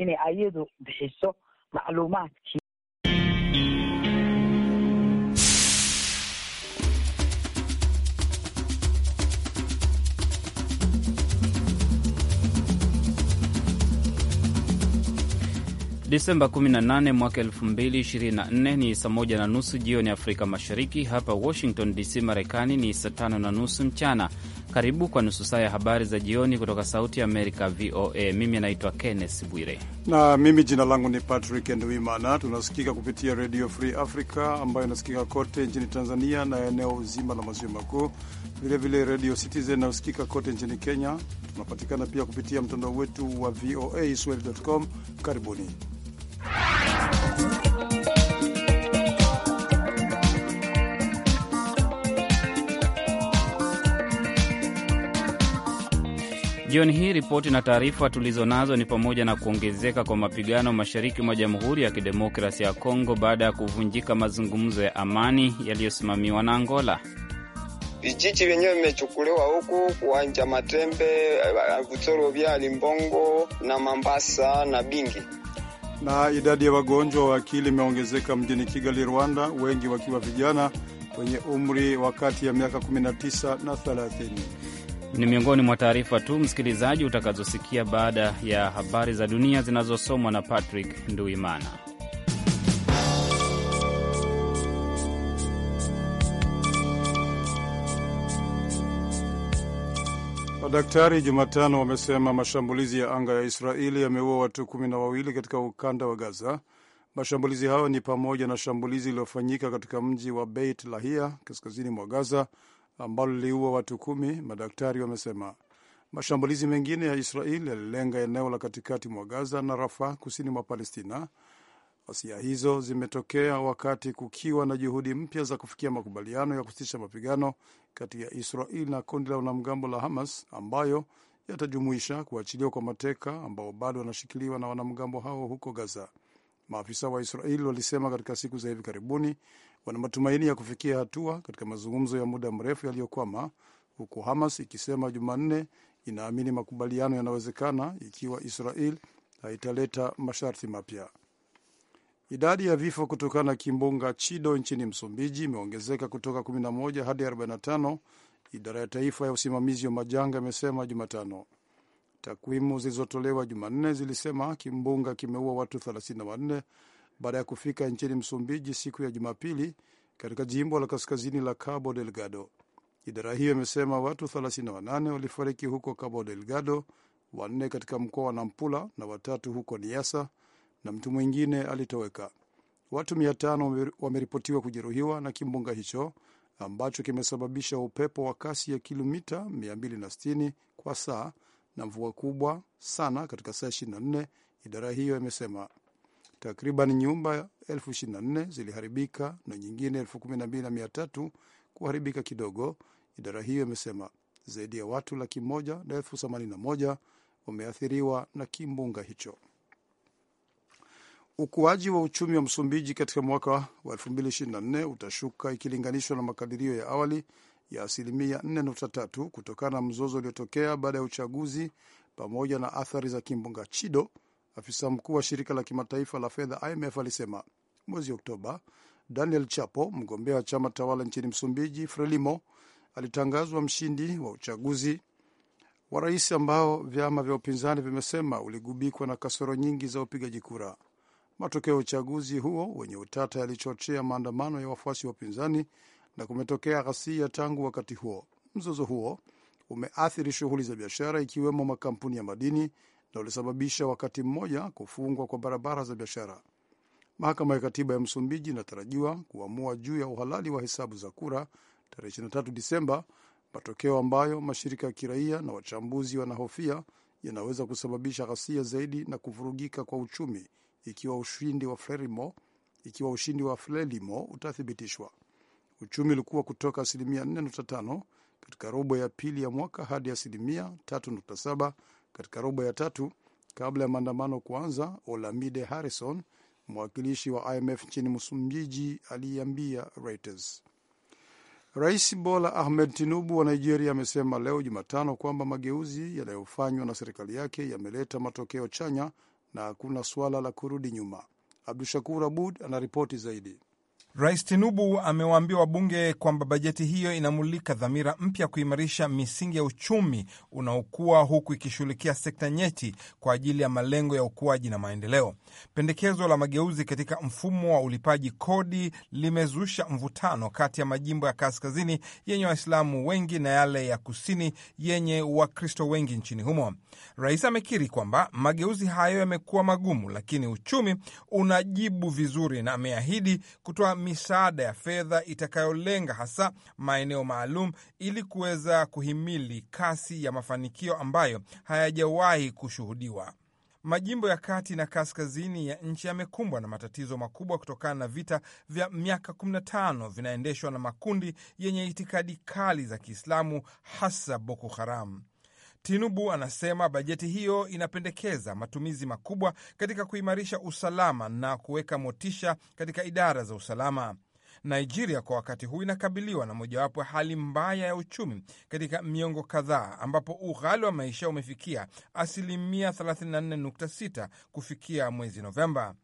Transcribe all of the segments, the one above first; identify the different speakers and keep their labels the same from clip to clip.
Speaker 1: inay ayadu bixiso macluumaadkii
Speaker 2: Disemba 18 mwaka 2024 ni saa moja na nusu jioni Afrika Mashariki. Hapa Washington DC, Marekani ni saa tano na nusu mchana. Karibu kwa nusu saa ya habari za jioni kutoka Sauti Amerika, VOA. Mimi naitwa Kenneth
Speaker 3: Bwire na mimi jina langu ni Patrick Ndwimana. Tunasikika kupitia Radio Free Africa ambayo inasikika kote nchini Tanzania na eneo zima la maziwa makuu vilevile Radio Citizen inayosikika kote nchini Kenya. Tunapatikana pia kupitia mtandao wetu wa VOA swahili.com. Karibuni.
Speaker 2: Jioni hii ripoti na taarifa tulizo nazo ni pamoja na kuongezeka kwa mapigano mashariki mwa Jamhuri ya Kidemokrasia ya Kongo baada ya kuvunjika mazungumzo ya amani yaliyosimamiwa na Angola
Speaker 4: vijiji vyenyewe vimechukuliwa huku kuwanja Matembe, eh, Vutoro vya Limbongo na Mambasa na Bingi.
Speaker 3: Na idadi ya wagonjwa wa akili imeongezeka mjini Kigali, Rwanda, wengi wakiwa vijana wenye umri wa kati ya miaka 19 na 30.
Speaker 2: Ni miongoni mwa taarifa tu msikilizaji utakazosikia baada ya habari za dunia zinazosomwa na Patrick Nduimana.
Speaker 3: Madaktari Jumatano wamesema mashambulizi ya anga ya Israeli yameua watu kumi na wawili katika ukanda wa Gaza. Mashambulizi hayo ni pamoja na shambulizi lililofanyika katika mji wa Beit Lahia kaskazini mwa Gaza ambalo liliua watu kumi, madaktari wamesema. Mashambulizi mengine ya Israeli yalilenga eneo la katikati mwa Gaza na Rafa kusini mwa Palestina. Ghasia hizo zimetokea wakati kukiwa na juhudi mpya za kufikia makubaliano ya kusitisha mapigano kati ya Israel na kundi la wanamgambo la Hamas ambayo yatajumuisha kuachiliwa kwa mateka ambao bado wanashikiliwa na wanamgambo hao huko Gaza. Maafisa wa Israel walisema katika siku za hivi karibuni wana matumaini ya kufikia hatua katika mazungumzo ya muda mrefu yaliyokwama, huku Hamas ikisema Jumanne inaamini makubaliano yanawezekana ikiwa Israel haitaleta masharti mapya. Idadi ya vifo kutokana na kimbunga Chido nchini Msumbiji imeongezeka kutoka 11 hadi 45, idara ya taifa ya usimamizi wa majanga imesema Jumatano. Takwimu zilizotolewa Jumanne zilisema kimbunga kimeua watu 34 baada ya kufika nchini Msumbiji siku ya Jumapili katika jimbo la kaskazini la Cabo Delgado. Idara hiyo imesema watu 38 walifariki huko Cabo Delgado, wanne katika mkoa wa Nampula na watatu huko Niassa, na mtu mwingine alitoweka. Watu mia tano wameripotiwa kujeruhiwa na kimbunga hicho ambacho kimesababisha upepo wa kasi ya kilomita 260 kwa saa na mvua kubwa sana katika saa 24, idara hiyo imesema. Takriban nyumba 24 ziliharibika na nyingine elfu 12,300 kuharibika kidogo, idara hiyo imesema. Zaidi ya watu laki moja na elfu 81 wameathiriwa na kimbunga hicho. Ukuaji wa uchumi wa Msumbiji katika mwaka wa 2024 utashuka ikilinganishwa na makadirio ya awali ya asilimia 4.3 kutokana na mzozo uliotokea baada ya uchaguzi pamoja na athari za kimbunga Chido, afisa mkuu wa shirika la kimataifa la fedha IMF alisema mwezi Oktoba. Daniel Chapo, mgombea wa chama tawala nchini Msumbiji, Frelimo, alitangazwa mshindi wa uchaguzi wa rais ambao vyama vya upinzani vimesema uligubikwa na kasoro nyingi za upigaji kura. Matokeo ya uchaguzi huo wenye utata yalichochea maandamano ya wafuasi wa upinzani na kumetokea ghasia tangu wakati huo. Mzozo huo umeathiri shughuli za biashara ikiwemo makampuni ya madini na ulisababisha wakati mmoja kufungwa kwa barabara za biashara. Mahakama ya Katiba ya Msumbiji inatarajiwa kuamua juu ya uhalali wa hesabu za kura tarehe 23 Disemba, matokeo ambayo mashirika ya kiraia na wachambuzi wanahofia yanaweza kusababisha ghasia zaidi na kuvurugika kwa uchumi ikiwa ushindi wa Frelimo ikiwa ushindi wa Frelimo utathibitishwa. Uchumi ulikuwa kutoka asilimia 4.5 katika robo ya pili ya mwaka hadi asilimia 3.7 katika robo ya tatu kabla ya maandamano kuanza. Olamide Harrison, mwakilishi wa IMF nchini Msumbiji, aliambia Reuters. Rais Bola Ahmed Tinubu wa Nigeria amesema leo Jumatano kwamba mageuzi yanayofanywa na serikali yake yameleta matokeo chanya na hakuna suala la kurudi nyuma. Abdu Shakur Abud anaripoti zaidi. Rais
Speaker 5: Tinubu amewaambia wabunge kwamba bajeti hiyo inamulika dhamira mpya kuimarisha misingi ya uchumi unaokuwa huku ikishughulikia sekta nyeti kwa ajili ya malengo ya ukuaji na maendeleo. Pendekezo la mageuzi katika mfumo wa ulipaji kodi limezusha mvutano kati ya majimbo ya kaskazini yenye Waislamu wengi na yale ya kusini yenye Wakristo wengi nchini humo. Rais amekiri kwamba mageuzi hayo yamekuwa magumu, lakini uchumi unajibu vizuri na ameahidi kutoa misaada ya fedha itakayolenga hasa maeneo maalum ili kuweza kuhimili kasi ya mafanikio ambayo hayajawahi kushuhudiwa. Majimbo ya kati na kaskazini ya nchi yamekumbwa na matatizo makubwa kutokana na vita vya miaka 15 vinaendeshwa na makundi yenye itikadi kali za Kiislamu, hasa Boko Haram. Tinubu anasema bajeti hiyo inapendekeza matumizi makubwa katika kuimarisha usalama na kuweka motisha katika idara za usalama. Nigeria kwa wakati huu inakabiliwa na mojawapo ya hali mbaya ya uchumi katika miongo kadhaa, ambapo ughali wa maisha umefikia asilimia 34.6 kufikia mwezi Novemba.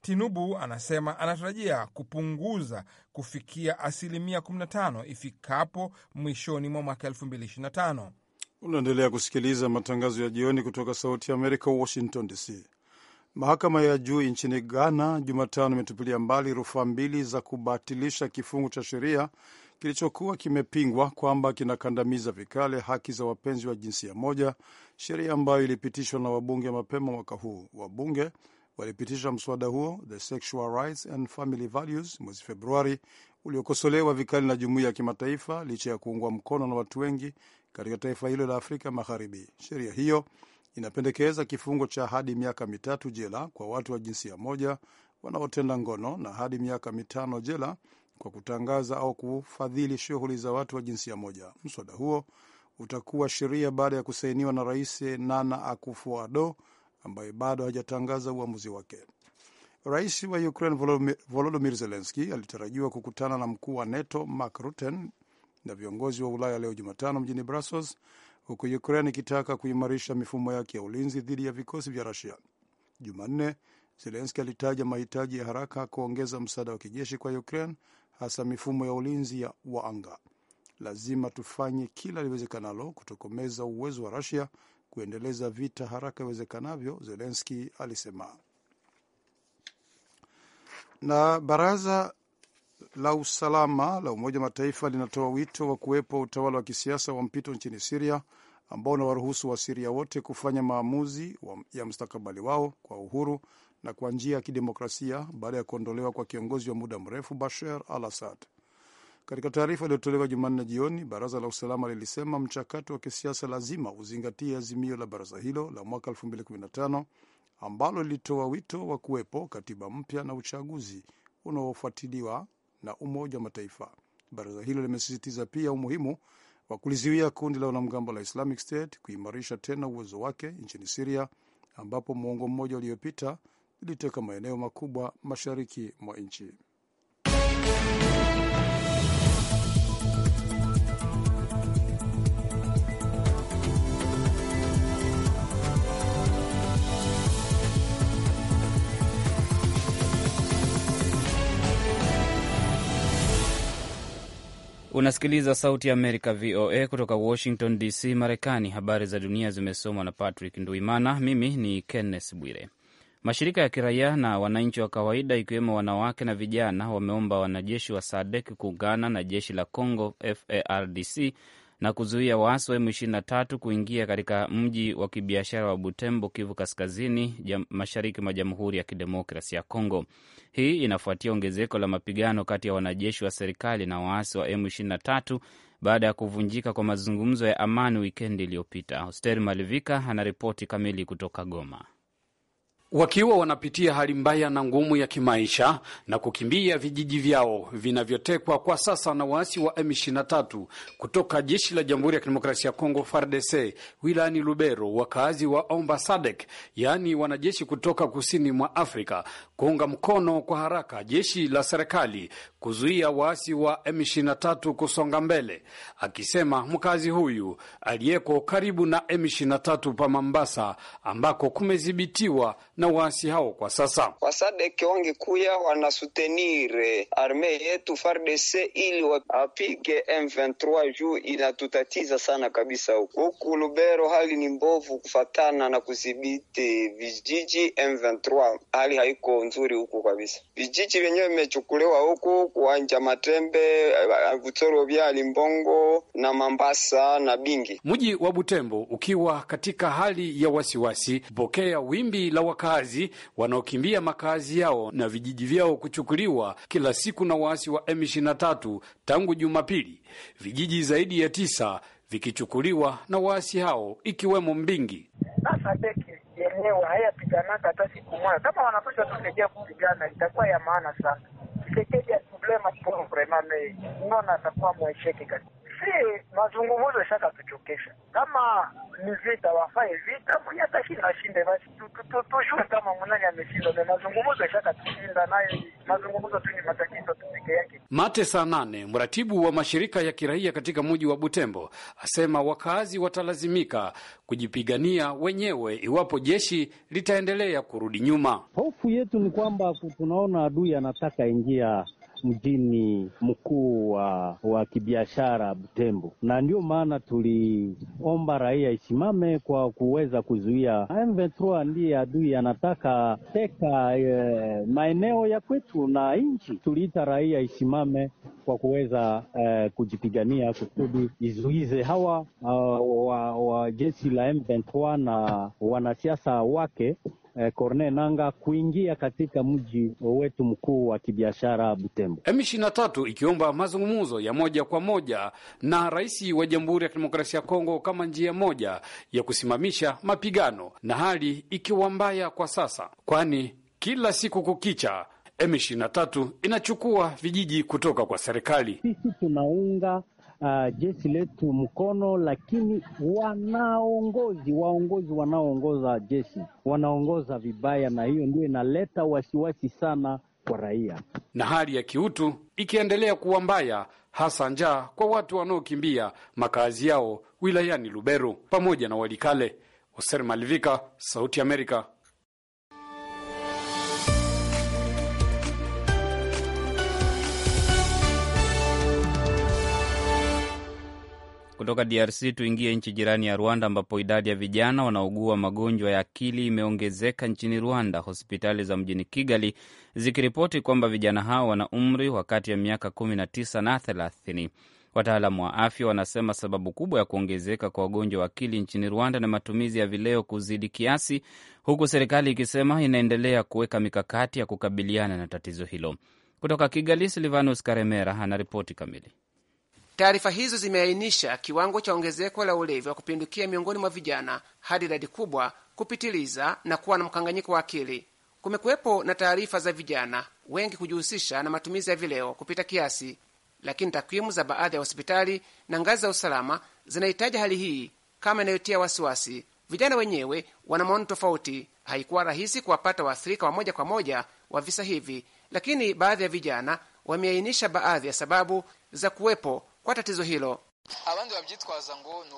Speaker 5: Tinubu anasema anatarajia kupunguza kufikia asilimia 15 ifikapo mwishoni mwa mwaka 2025.
Speaker 3: Unaendelea kusikiliza matangazo ya jioni kutoka Sauti ya Amerika, Washington DC. Mahakama ya juu nchini Ghana Jumatano imetupilia mbali rufaa mbili za kubatilisha kifungu cha sheria kilichokuwa kimepingwa kwamba kinakandamiza vikali haki za wapenzi wa jinsia moja, sheria ambayo ilipitishwa na wabunge mapema mwaka huu. Wabunge walipitisha mswada huo the Sexual Rights and Family Values mwezi Februari, uliokosolewa vikali na jumuiya ya kimataifa licha ya kuungwa mkono na watu wengi katika taifa hilo la Afrika Magharibi. Sheria hiyo inapendekeza kifungo cha hadi miaka mitatu jela kwa watu wa jinsia moja wanaotenda ngono na hadi miaka mitano jela kwa kutangaza au kufadhili shughuli za watu wa jinsia moja. Mswada huo utakuwa sheria baada ya kusainiwa na Rais Nana Akufo-Addo ambaye bado hajatangaza uamuzi wake. Rais wa Ukraine Volodymyr Zelensky alitarajiwa kukutana na mkuu wa NATO Mark Rutte na viongozi wa Ulaya leo Jumatano mjini Brussels, huku Ukraine ikitaka kuimarisha mifumo yake ya ulinzi dhidi ya vikosi vya Rusia. Jumanne, Zelenski alitaja mahitaji ya haraka kuongeza msaada wa kijeshi kwa Ukraine, hasa mifumo ya ulinzi ya wa anga. Lazima tufanye kila liwezekanalo kutokomeza uwezo wa Rusia kuendeleza vita haraka iwezekanavyo, Zelenski alisema. Na baraza la usalama la Umoja wa Mataifa linatoa wito wa kuwepo utawala wa kisiasa wa mpito nchini Siria ambao unawaruhusu Wasiria wote kufanya maamuzi ya mustakabali wao kwa uhuru na kwa njia ya kidemokrasia baada ya kuondolewa kwa kiongozi wa muda mrefu Bashar al Assad. Katika taarifa iliyotolewa Jumanne jioni, baraza la usalama lilisema mchakato wa kisiasa lazima uzingatie azimio la baraza hilo la mwaka 2015 ambalo lilitoa wito wa kuwepo katiba mpya na uchaguzi unaofuatiliwa na Umoja wa Mataifa. Baraza hilo limesisitiza pia umuhimu wa kulizuia kundi la wanamgambo la Islamic State kuimarisha tena uwezo wake nchini Siria, ambapo muongo mmoja uliopita liliteka maeneo makubwa mashariki mwa nchi.
Speaker 2: Unasikiliza Sauti ya Amerika, VOA, kutoka Washington DC, Marekani. Habari za dunia zimesomwa na Patrick Nduimana. Mimi ni Kenneth Bwire. Mashirika ya kiraia na wananchi wa kawaida ikiwemo wanawake na vijana wameomba wanajeshi wa SADEK kuungana na jeshi la Congo, FARDC, na kuzuia waasi wa M23 kuingia katika mji wa kibiashara wa Butembo, Kivu Kaskazini, mashariki mwa Jamhuri ya Kidemokrasi ya congo Hii inafuatia ongezeko la mapigano kati ya wanajeshi wa serikali na waasi wa M23 baada ya kuvunjika kwa mazungumzo ya amani wikendi iliyopita. Hosteri Malivika anaripoti kamili kutoka Goma
Speaker 6: wakiwa wanapitia hali mbaya na ngumu ya kimaisha na kukimbia vijiji vyao vinavyotekwa kwa sasa na waasi wa M23 kutoka jeshi la Jamhuri ya Kidemokrasia ya Kongo FARDC wilayani Lubero. Wakaazi wa omba SADC, yaani wanajeshi kutoka kusini mwa Afrika, kuunga mkono kwa haraka jeshi la serikali kuzuia waasi wa M23 kusonga mbele, akisema mkazi huyu aliyeko karibu na M23 pa Mambasa ambako kumedhibitiwa na waasi hao kwa sasa.
Speaker 4: Wasadeke wangekuya wanasutenire arme yetu FARDC ili wapige M23 juu inatutatiza sana kabisa. Huku Lubero hali ni mbovu kufatana na kudhibiti vijiji M23, hali haiko nzuri huku kabisa. Vijiji vyenyewe vimechukuliwa huku kuanja Matembe, eh, Vutoro vya Limbongo na Mambasa na Bingi.
Speaker 6: Mji wa Butembo ukiwa katika hali ya wasiwasi, pokea wimbi la wakazi wanaokimbia makazi yao na vijiji vyao kuchukuliwa kila siku na waasi wa M23 tangu Jumapili, vijiji zaidi ya tisa vikichukuliwa na waasi hao ikiwemo Mbingi yenyewe hayapiganaka hata siku moja. Kama wanapasha tu kupigana, itakuwa ya maana sana. Kisekedi ya problema problema me unaona, atakuwa mwesheki kabisa si mazungumuzo shaka ishakatujokesha,
Speaker 5: kama
Speaker 6: ni vita wafae vita, mwenye atashinda ashinde, basi tushue kama
Speaker 3: mnani ameshinda. na mazungumuzo shaka tushinda naye mazungumuzo tu ni
Speaker 6: matatizo tu peke yake. Mate saa nane, mratibu wa mashirika ya kiraia katika mji wa Butembo asema wakazi watalazimika kujipigania wenyewe iwapo jeshi litaendelea kurudi
Speaker 7: nyuma. Hofu yetu ni kwamba tunaona adui anataka ingia mjini mkuu wa, wa kibiashara Butembo, na ndio maana tuliomba raia isimame kwa kuweza kuzuia M23. Ndiye adui anataka teka e, maeneo ya kwetu na nchi. Tuliita raia isimame kwa kuweza e, kujipigania kusudi izuize hawa uh, wa, wa jeshi la M23 na wanasiasa wake eh, Corne Nanga kuingia katika mji wetu mkuu wa kibiashara Butembo.
Speaker 6: M23 ikiomba mazungumzo ya moja kwa moja na rais wa Jamhuri ya Kidemokrasia ya Kongo kama njia moja ya kusimamisha mapigano na hali ikiwa mbaya kwa sasa, kwani kila siku kukicha M23 inachukua vijiji kutoka kwa serikali.
Speaker 7: Sisi tunaunga uh, jeshi letu mkono, lakini wanaongozi waongozi wanaoongoza jeshi wanaongoza vibaya, na hiyo ndio inaleta wasiwasi sana kwa raia,
Speaker 6: na hali ya kiutu ikiendelea kuwa mbaya, hasa njaa kwa watu wanaokimbia makazi yao wilayani Lubero pamoja na Walikale. Hoser Malivika, Sauti Amerika.
Speaker 2: Kutoka DRC tuingie nchi jirani ya Rwanda, ambapo idadi ya vijana wanaougua magonjwa ya akili imeongezeka nchini Rwanda, hospitali za mjini Kigali zikiripoti kwamba vijana hao wana umri wa kati ya miaka 19 na 30. Wataalamu wa afya wanasema sababu kubwa ya kuongezeka kwa wagonjwa wa akili nchini Rwanda na matumizi ya vileo kuzidi kiasi, huku serikali ikisema inaendelea kuweka mikakati ya kukabiliana na tatizo hilo. Kutoka Kigali, Silvanus Karemera anaripoti kamili.
Speaker 4: Taarifa hizo zimeainisha kiwango cha ongezeko la ulevi wa kupindukia miongoni mwa vijana hadi idadi kubwa kupitiliza na kuwa na mkanganyiko wa akili. Kumekuwepo na taarifa za vijana wengi kujihusisha na matumizi ya vileo kupita kiasi, lakini takwimu za baadhi ya hospitali na ngazi za usalama zinahitaja hali hii kama inayotia wasiwasi. Vijana wenyewe wana maoni tofauti. Haikuwa rahisi kuwapata waathirika wa moja kwa moja wa visa hivi, lakini baadhi ya vijana wameainisha baadhi ya sababu za kuwepo kwa tatizo hilo.
Speaker 6: ni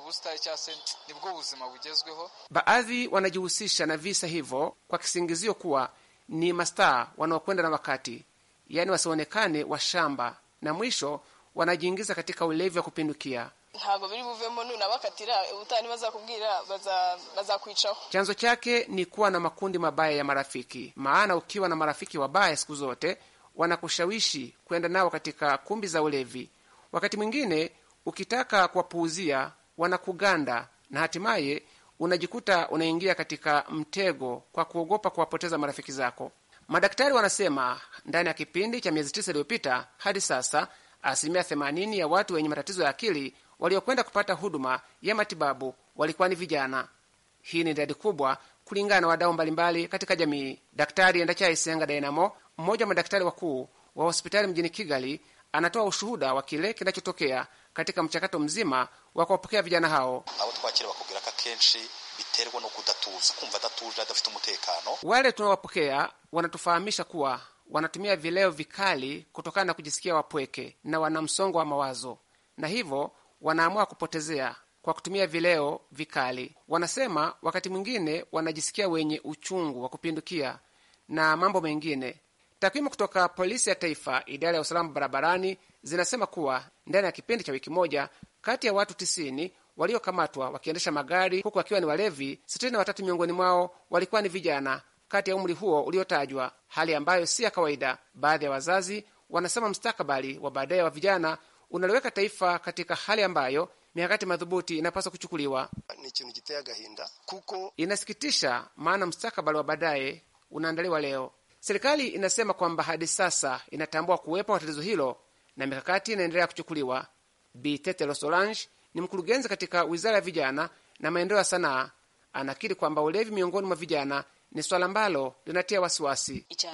Speaker 6: nibwo bugezweho
Speaker 4: Baadhi wanajihusisha na visa hivyo kwa kisingizio kuwa ni mastaa wanaokwenda na wakati, yaani wasionekane washamba, na mwisho wanajiingiza katika ulevi wa kupindukia. Chanzo chake ni kuwa na makundi mabaya ya marafiki, maana ukiwa na marafiki wabaya siku zote wanakushawishi kwenda nao katika kumbi za ulevi Wakati mwingine ukitaka kuwapuuzia wanakuganda, na hatimaye unajikuta unaingia katika mtego kwa kuogopa kuwapoteza marafiki zako. Madaktari wanasema ndani ya kipindi cha miezi tisa iliyopita hadi sasa asilimia 80 ya watu wenye matatizo ya akili waliokwenda kupata huduma ya matibabu walikuwa ni vijana. Hii ni idadi kubwa kulingana na wadau mbalimbali katika jamii. Daktari Endachaisenga Dainamo, mmoja wa madaktari wakuu wa hospitali mjini Kigali, anatoa ushuhuda wa kile kinachotokea katika mchakato mzima wa kuwapokea vijana hao. Wale tunaowapokea wanatufahamisha kuwa wanatumia vileo vikali kutokana na kujisikia wapweke na wana msongo wa mawazo, na hivyo wanaamua kupotezea kwa kutumia vileo vikali. Wanasema wakati mwingine wanajisikia wenye uchungu wa kupindukia na mambo mengine Takwimu kutoka polisi ya taifa, idara ya usalama barabarani, zinasema kuwa ndani ya kipindi cha wiki moja kati ya watu 90 waliokamatwa wakiendesha magari huku wakiwa ni walevi, 63 miongoni mwao walikuwa ni vijana kati ya umri huo uliotajwa, hali ambayo si ya kawaida. Baadhi ya wazazi wanasema mstakabali wa baadaye wa vijana unaliweka taifa katika hali ambayo mikakati madhubuti inapaswa kuchukuliwa. Inasikitisha, maana mstakabali wa baadaye unaandaliwa leo. Serikali inasema kwamba hadi sasa inatambua kuwepo kwa tatizo hilo na mikakati inaendelea kuchukuliwa. Bi Tetelo Solange ni mkurugenzi katika wizara ya vijana na maendeleo ya sanaa. Anakiri kwamba ulevi miongoni mwa vijana ni swala ambalo linatia wasiwasi. Eh,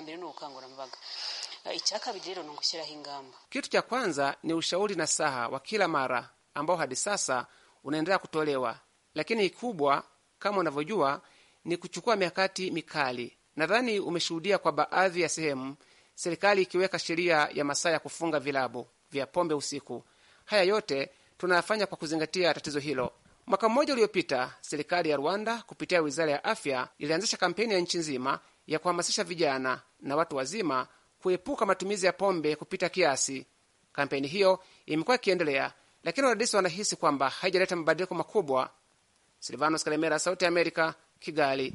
Speaker 4: Kitu cha kwanza ni ushauri na saha wa kila mara ambao hadi sasa unaendelea kutolewa, lakini kikubwa kama unavyojua ni kuchukua mikakati mikali Nadhani umeshuhudia kwa baadhi ya sehemu serikali ikiweka sheria ya masaa ya kufunga vilabu vya pombe usiku. Haya yote tunayafanya kwa kuzingatia tatizo hilo. Mwaka mmoja uliopita, serikali ya Rwanda kupitia wizara ya afya ilianzisha kampeni ya nchi nzima ya kuhamasisha vijana na watu wazima kuepuka matumizi ya pombe kupita kiasi. Kampeni hiyo imekuwa ikiendelea, lakini wadadisi wanahisi kwamba haijaleta mabadiliko makubwa. Silvanos Kalemera, Sauti ya Amerika, Kigali.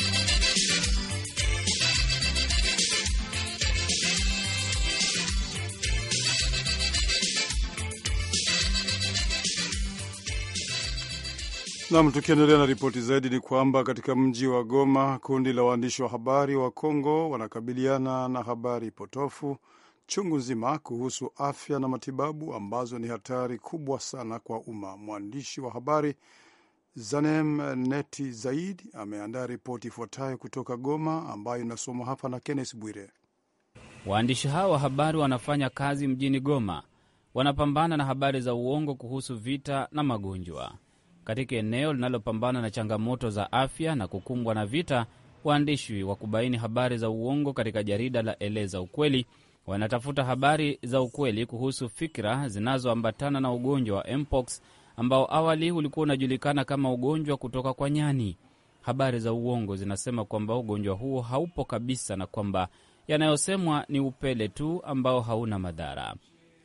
Speaker 3: Nam, tukiendelea na ripoti zaidi ni kwamba katika mji wa Goma kundi la waandishi wa habari wa Kongo wanakabiliana na habari potofu chungu nzima kuhusu afya na matibabu ambazo ni hatari kubwa sana kwa umma. Mwandishi wa habari Zanem Neti Zaid ameandaa ripoti ifuatayo kutoka Goma ambayo inasomwa hapa na kennes Bwire.
Speaker 2: Waandishi hao wa habari wanafanya kazi mjini Goma, wanapambana na habari za uongo kuhusu vita na magonjwa katika eneo linalopambana na changamoto za afya na kukumbwa na vita, waandishi wa kubaini habari za uongo katika jarida la Eleza Ukweli wanatafuta habari za ukweli kuhusu fikra zinazoambatana na ugonjwa wa mpox ambao awali ulikuwa unajulikana kama ugonjwa kutoka kwa nyani. Habari za uongo zinasema kwamba ugonjwa huo haupo kabisa na kwamba yanayosemwa ni upele tu ambao hauna madhara.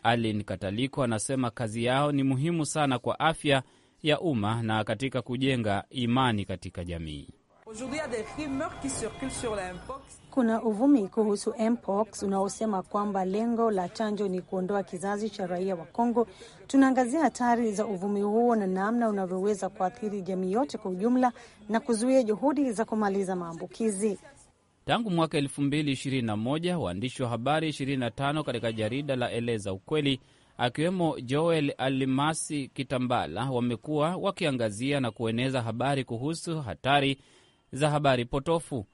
Speaker 2: Alin Kataliko anasema kazi yao ni muhimu sana kwa afya ya umma na katika kujenga imani katika jamii.
Speaker 1: Kuna
Speaker 8: uvumi kuhusu mpox unaosema kwamba lengo la chanjo ni kuondoa kizazi cha raia wa Kongo. Tunaangazia hatari za uvumi huo na namna unavyoweza kuathiri jamii yote kwa ujumla na kuzuia juhudi za kumaliza maambukizi.
Speaker 2: Tangu mwaka 2021 waandishi wa habari 25 katika jarida la Eleza Ukweli akiwemo Joel Alimasi Kitambala wamekuwa wakiangazia na kueneza habari kuhusu hatari za habari potofu.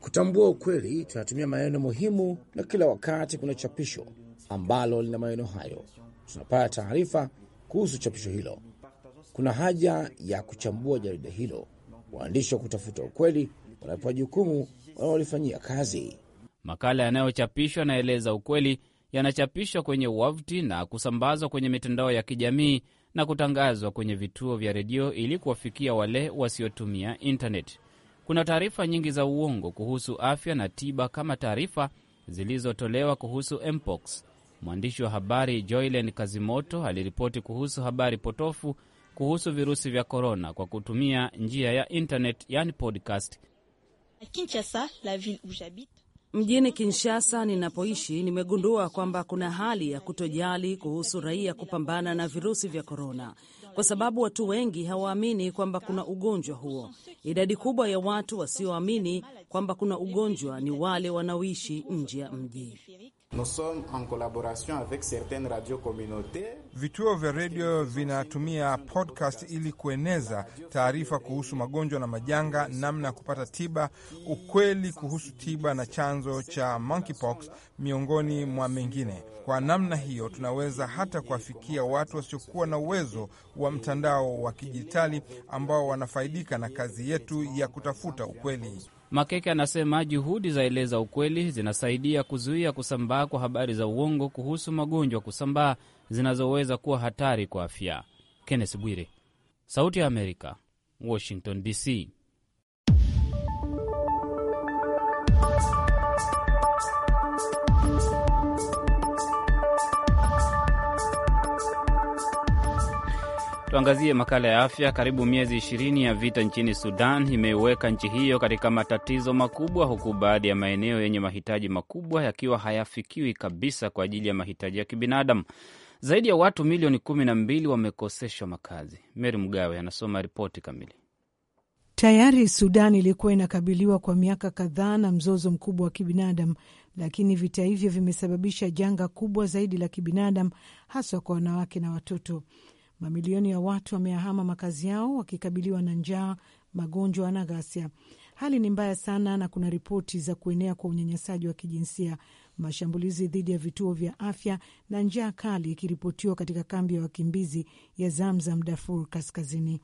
Speaker 7: Kutambua ukweli, tunatumia maneno muhimu, na kila wakati kuna chapisho ambalo lina maneno hayo, tunapata taarifa kuhusu chapisho hilo. Kuna haja ya kuchambua jarida hilo, waandishi wa kutafuta ukweli
Speaker 4: wanapewa jukumu wanaolifanyia kazi.
Speaker 2: Makala yanayochapishwa naeleza ukweli, yanachapishwa kwenye wavuti na kusambazwa kwenye mitandao ya kijamii na kutangazwa kwenye vituo vya redio ili kuwafikia wale wasiotumia intaneti. Kuna taarifa nyingi za uongo kuhusu afya na tiba, kama taarifa zilizotolewa kuhusu mpox. Mwandishi wa habari Joylen Kazimoto aliripoti kuhusu habari potofu kuhusu virusi vya korona kwa kutumia njia ya intanet, yani podcast.
Speaker 1: Kinshasa, la ville où j'habite Mjini Kinshasa ninapoishi nimegundua kwamba kuna hali ya kutojali kuhusu raia kupambana na virusi vya korona, kwa sababu watu wengi hawaamini kwamba kuna ugonjwa huo. Idadi kubwa ya watu wasioamini kwamba kuna ugonjwa ni wale wanaoishi nje ya mji.
Speaker 5: Vituo vya redio vinatumia podcast ili kueneza taarifa kuhusu magonjwa na majanga, namna ya kupata tiba, ukweli kuhusu tiba na chanzo cha monkeypox, miongoni mwa mengine. Kwa namna hiyo, tunaweza hata kuwafikia watu wasiokuwa na uwezo wa mtandao wa kidijitali ambao wanafaidika na kazi yetu ya kutafuta ukweli.
Speaker 2: Makeke anasema juhudi za eleza ukweli zinasaidia kuzuia kusambaa kwa habari za uongo kuhusu magonjwa kusambaa zinazoweza kuwa hatari kwa afya. Kenneth Bwire, Sauti ya Amerika, Washington DC. Tuangazie makala ya afya. Karibu miezi ishirini ya vita nchini Sudan imeiweka nchi hiyo katika matatizo makubwa, huku baadhi ya maeneo yenye mahitaji makubwa yakiwa hayafikiwi kabisa kwa ajili ya mahitaji ya kibinadamu. Zaidi ya watu milioni kumi na mbili wamekoseshwa makazi. Meri Mgawe anasoma ripoti kamili.
Speaker 8: Tayari Sudan ilikuwa inakabiliwa kwa miaka kadhaa na mzozo mkubwa wa kibinadamu, lakini vita hivyo vimesababisha janga kubwa zaidi la kibinadamu, haswa kwa wanawake na watoto. Mamilioni ya watu wameahama makazi yao wakikabiliwa na njaa, magonjwa na ghasia. Hali ni mbaya sana, na kuna ripoti za kuenea kwa unyanyasaji wa kijinsia, mashambulizi dhidi ya vituo vya afya na njaa kali ikiripotiwa katika kambi ya wakimbizi ya Zamzam, Darfur Kaskazini.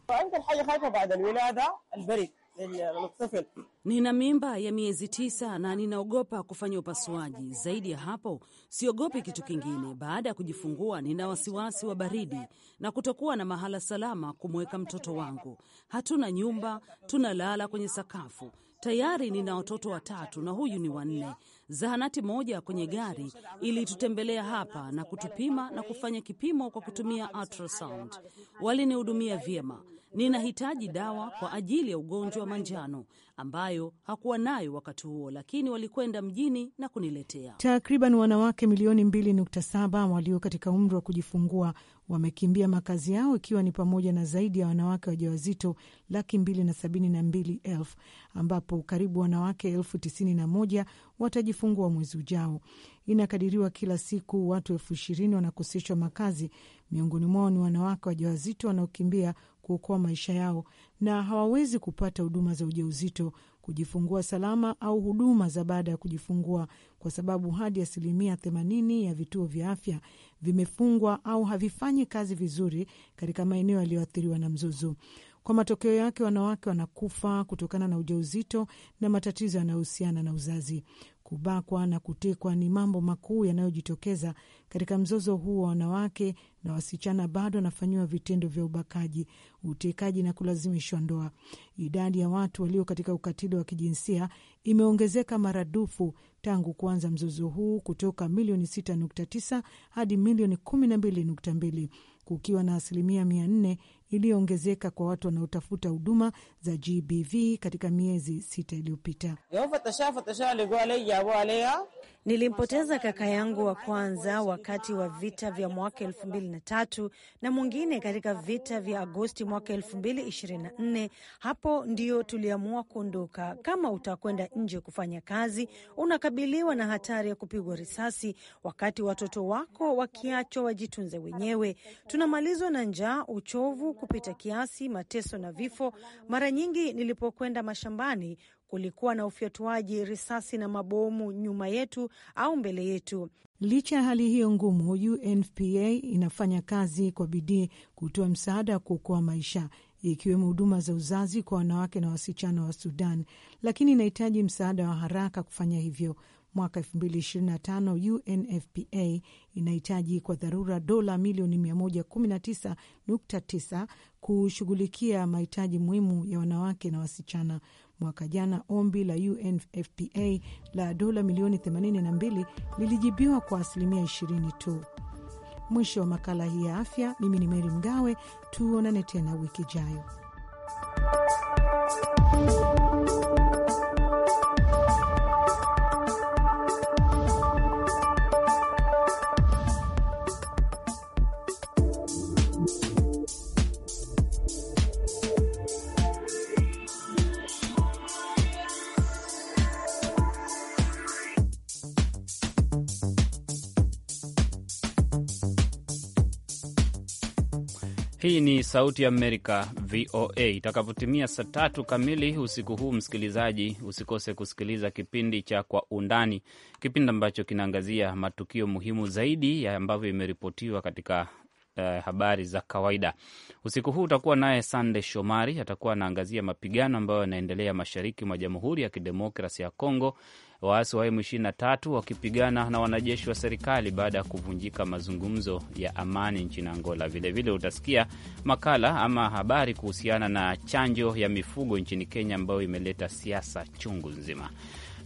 Speaker 1: Nina mimba ya miezi tisa na ninaogopa kufanya upasuaji. Zaidi ya hapo, siogopi kitu kingine. Baada ya kujifungua, nina wasiwasi wa baridi na kutokuwa na mahala salama kumweka mtoto wangu. Hatuna nyumba, tunalala kwenye sakafu. Tayari nina watoto watatu na huyu ni wanne. Zahanati moja kwenye gari ilitutembelea hapa na kutupima na kufanya kipimo kwa kutumia ultrasound. Walinihudumia vyema ninahitaji dawa kwa ajili ya ugonjwa wa manjano ambayo hakuwa nayo wakati huo, lakini walikwenda mjini na kuniletea.
Speaker 8: Takriban wanawake milioni 2.7 walio katika umri wa kujifungua wamekimbia makazi yao, ikiwa ni pamoja na zaidi ya wanawake wajawazito laki mbili na sabini na mbili elfu ambapo karibu wanawake elfu tisini na moja watajifungua mwezi ujao. Inakadiriwa kila siku watu elfu ishirini wanakoseshwa makazi, miongoni mwao ni wanawake wajawazito wanaokimbia kuokoa maisha yao na hawawezi kupata huduma za ujauzito, kujifungua salama au huduma za baada ya kujifungua, kwa sababu hadi asilimia themanini ya vituo vya afya vimefungwa au havifanyi kazi vizuri katika maeneo yaliyoathiriwa na mzozo. Kwa matokeo yake, wanawake wanakufa kutokana na ujauzito na matatizo yanayohusiana na uzazi kubakwa na kutekwa ni mambo makuu yanayojitokeza katika mzozo huu wa wanawake na wasichana bado wanafanyiwa vitendo vya ubakaji, utekaji na kulazimishwa ndoa. Idadi ya watu walio katika ukatili wa kijinsia imeongezeka maradufu tangu kuanza mzozo huu kutoka milioni 6.9 hadi milioni 12.2 kukiwa na asilimia mia iliyoongezeka kwa watu wanaotafuta huduma za GBV katika miezi sita iliyopita.
Speaker 1: Nilimpoteza kaka yangu wa
Speaker 8: kwanza wakati wa vita vya mwaka elfu mbili na tatu na mwingine katika vita vya Agosti mwaka elfu mbili ishirini na nne. Hapo ndio tuliamua kuondoka. Kama utakwenda nje kufanya kazi, unakabiliwa na hatari ya kupigwa risasi, wakati watoto wako wakiachwa wajitunze wenyewe. Tunamalizwa na njaa, uchovu kupita kiasi, mateso na vifo. Mara nyingi nilipokwenda mashambani, kulikuwa na ufyatuaji risasi na mabomu nyuma yetu au mbele yetu. Licha ya hali hiyo ngumu, UNFPA inafanya kazi kwa bidii kutoa msaada wa kuokoa maisha ikiwemo huduma za uzazi kwa wanawake na wasichana wa Sudan, lakini inahitaji msaada wa haraka kufanya hivyo mwaka 2025 UNFPA inahitaji kwa dharura dola milioni 119.9 kushughulikia mahitaji muhimu ya wanawake na wasichana. Mwaka jana ombi la UNFPA la dola milioni 82 lilijibiwa kwa asilimia 20 tu. Mwisho wa makala hii ya afya. Mimi ni Meri Mgawe, tuonane tena wiki ijayo.
Speaker 2: Hii ni Sauti ya Amerika, VOA. Itakapotimia saa tatu kamili usiku huu, msikilizaji, usikose kusikiliza kipindi cha Kwa Undani, kipindi ambacho kinaangazia matukio muhimu zaidi ya ambavyo imeripotiwa katika Uh, habari za kawaida usiku huu utakuwa naye Sande Shomari, atakuwa anaangazia mapigano ambayo yanaendelea mashariki mwa Jamhuri ya Kidemokrasi ya congo waasi wa M23 wakipigana na wanajeshi wa serikali baada ya kuvunjika mazungumzo ya amani nchini Angola. Vilevile utasikia makala ama habari kuhusiana na chanjo ya mifugo nchini Kenya ambayo imeleta siasa chungu nzima.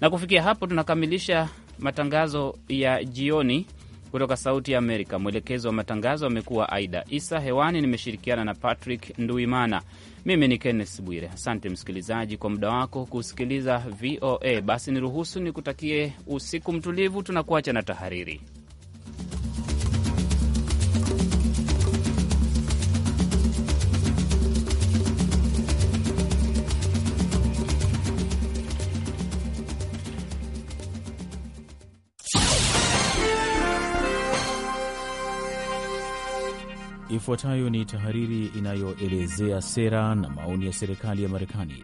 Speaker 2: Na kufikia hapo tunakamilisha matangazo ya jioni kutoka Sauti ya Amerika. Mwelekezi wa matangazo amekuwa Aida Isa. Hewani nimeshirikiana na Patrick Nduimana. Mimi ni kennes Bwire. Asante msikilizaji kwa muda wako kusikiliza VOA. Basi niruhusu nikutakie usiku mtulivu. Tunakuacha na tahariri.
Speaker 7: Ifuatayo ni tahariri inayoelezea sera na maoni ya serikali ya Marekani.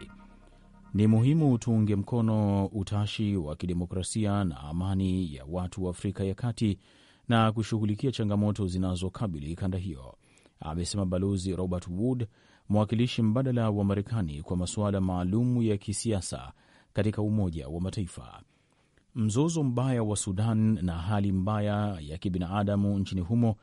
Speaker 7: Ni muhimu tuunge mkono utashi wa kidemokrasia na amani ya watu wa Afrika ya Kati na kushughulikia changamoto zinazokabili kanda hiyo, amesema Balozi Robert Wood, mwakilishi mbadala wa Marekani kwa masuala maalum ya kisiasa katika Umoja wa Mataifa. Mzozo mbaya wa Sudan na hali mbaya ya kibinadamu nchini humo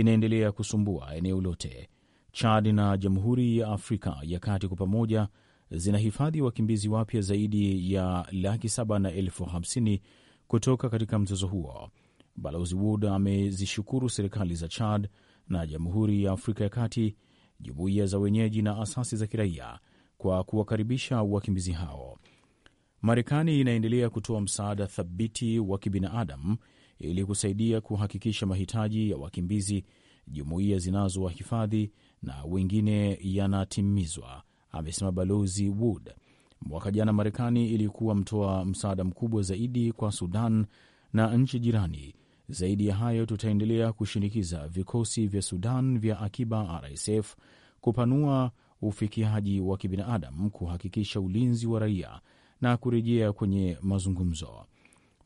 Speaker 7: inaendelea kusumbua eneo lote. Chad na Jamhuri ya Afrika ya Kati kwa pamoja zinahifadhi wakimbizi wapya zaidi ya laki saba na elfu hamsini kutoka katika mzozo huo. Balozi Wood amezishukuru serikali za Chad na Jamhuri ya Afrika ya Kati, jumuiya za wenyeji na asasi za kiraia kwa kuwakaribisha wakimbizi hao. Marekani inaendelea kutoa msaada thabiti wa kibinadamu ili kusaidia kuhakikisha mahitaji ya wakimbizi, jumuiya zinazowahifadhi na wengine yanatimizwa, amesema Balozi Wood. Mwaka jana Marekani ilikuwa mtoa msaada mkubwa zaidi kwa Sudan na nchi jirani. Zaidi ya hayo, tutaendelea kushinikiza vikosi vya Sudan vya akiba RSF kupanua ufikiaji wa kibinadamu, kuhakikisha ulinzi wa raia na kurejea kwenye mazungumzo.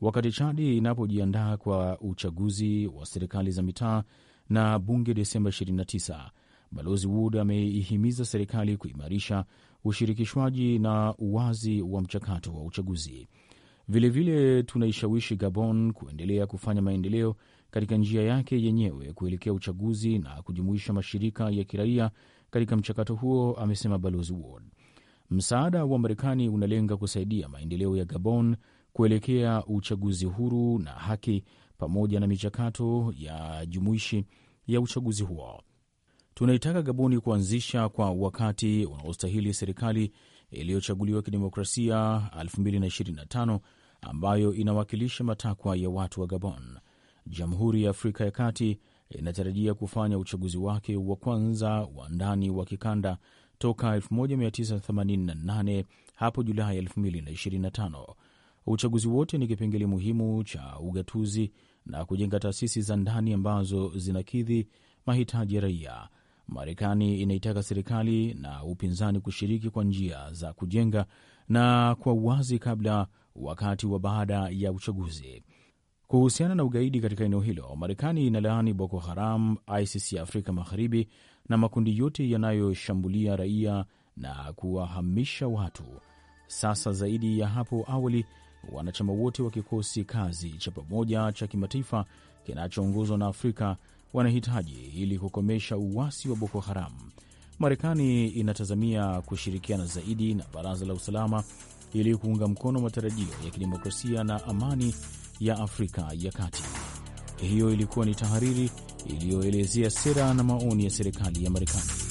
Speaker 7: Wakati Chadi inapojiandaa kwa uchaguzi wa serikali za mitaa na bunge Desemba 29, Balozi Wood ameihimiza serikali kuimarisha ushirikishwaji na uwazi wa mchakato wa uchaguzi. Vilevile tunaishawishi Gabon kuendelea kufanya maendeleo katika njia yake yenyewe kuelekea uchaguzi na kujumuisha mashirika ya kiraia katika mchakato huo, amesema Balozi Wood. Msaada wa Marekani unalenga kusaidia maendeleo ya Gabon kuelekea uchaguzi huru na haki pamoja na michakato ya jumuishi ya uchaguzi huo. Tunaitaka Gaboni kuanzisha kwa wakati unaostahili serikali iliyochaguliwa kidemokrasia 2025 ambayo inawakilisha matakwa ya watu wa Gabon. Jamhuri ya Afrika ya Kati inatarajia kufanya uchaguzi wake wa kwanza wa ndani wa kikanda toka 1988 hapo Julai 2025. Uchaguzi wote ni kipengele muhimu cha ugatuzi na kujenga taasisi za ndani ambazo zinakidhi mahitaji ya raia. Marekani inaitaka serikali na upinzani kushiriki kwa njia za kujenga na kwa uwazi, kabla, wakati wa, baada ya uchaguzi. Kuhusiana na ugaidi katika eneo hilo, Marekani inalaani Boko Haram, ISIS ya Afrika Magharibi na makundi yote yanayoshambulia raia na kuwahamisha watu. Sasa zaidi ya hapo awali wanachama wote wa kikosi kazi cha pamoja cha kimataifa kinachoongozwa na Afrika wanahitaji ili kukomesha uwasi wa Boko Haram. Marekani inatazamia kushirikiana zaidi na Baraza la Usalama ili kuunga mkono matarajio ya kidemokrasia na amani ya Afrika ya Kati. Hiyo ilikuwa ni tahariri iliyoelezea sera na maoni ya serikali ya Marekani.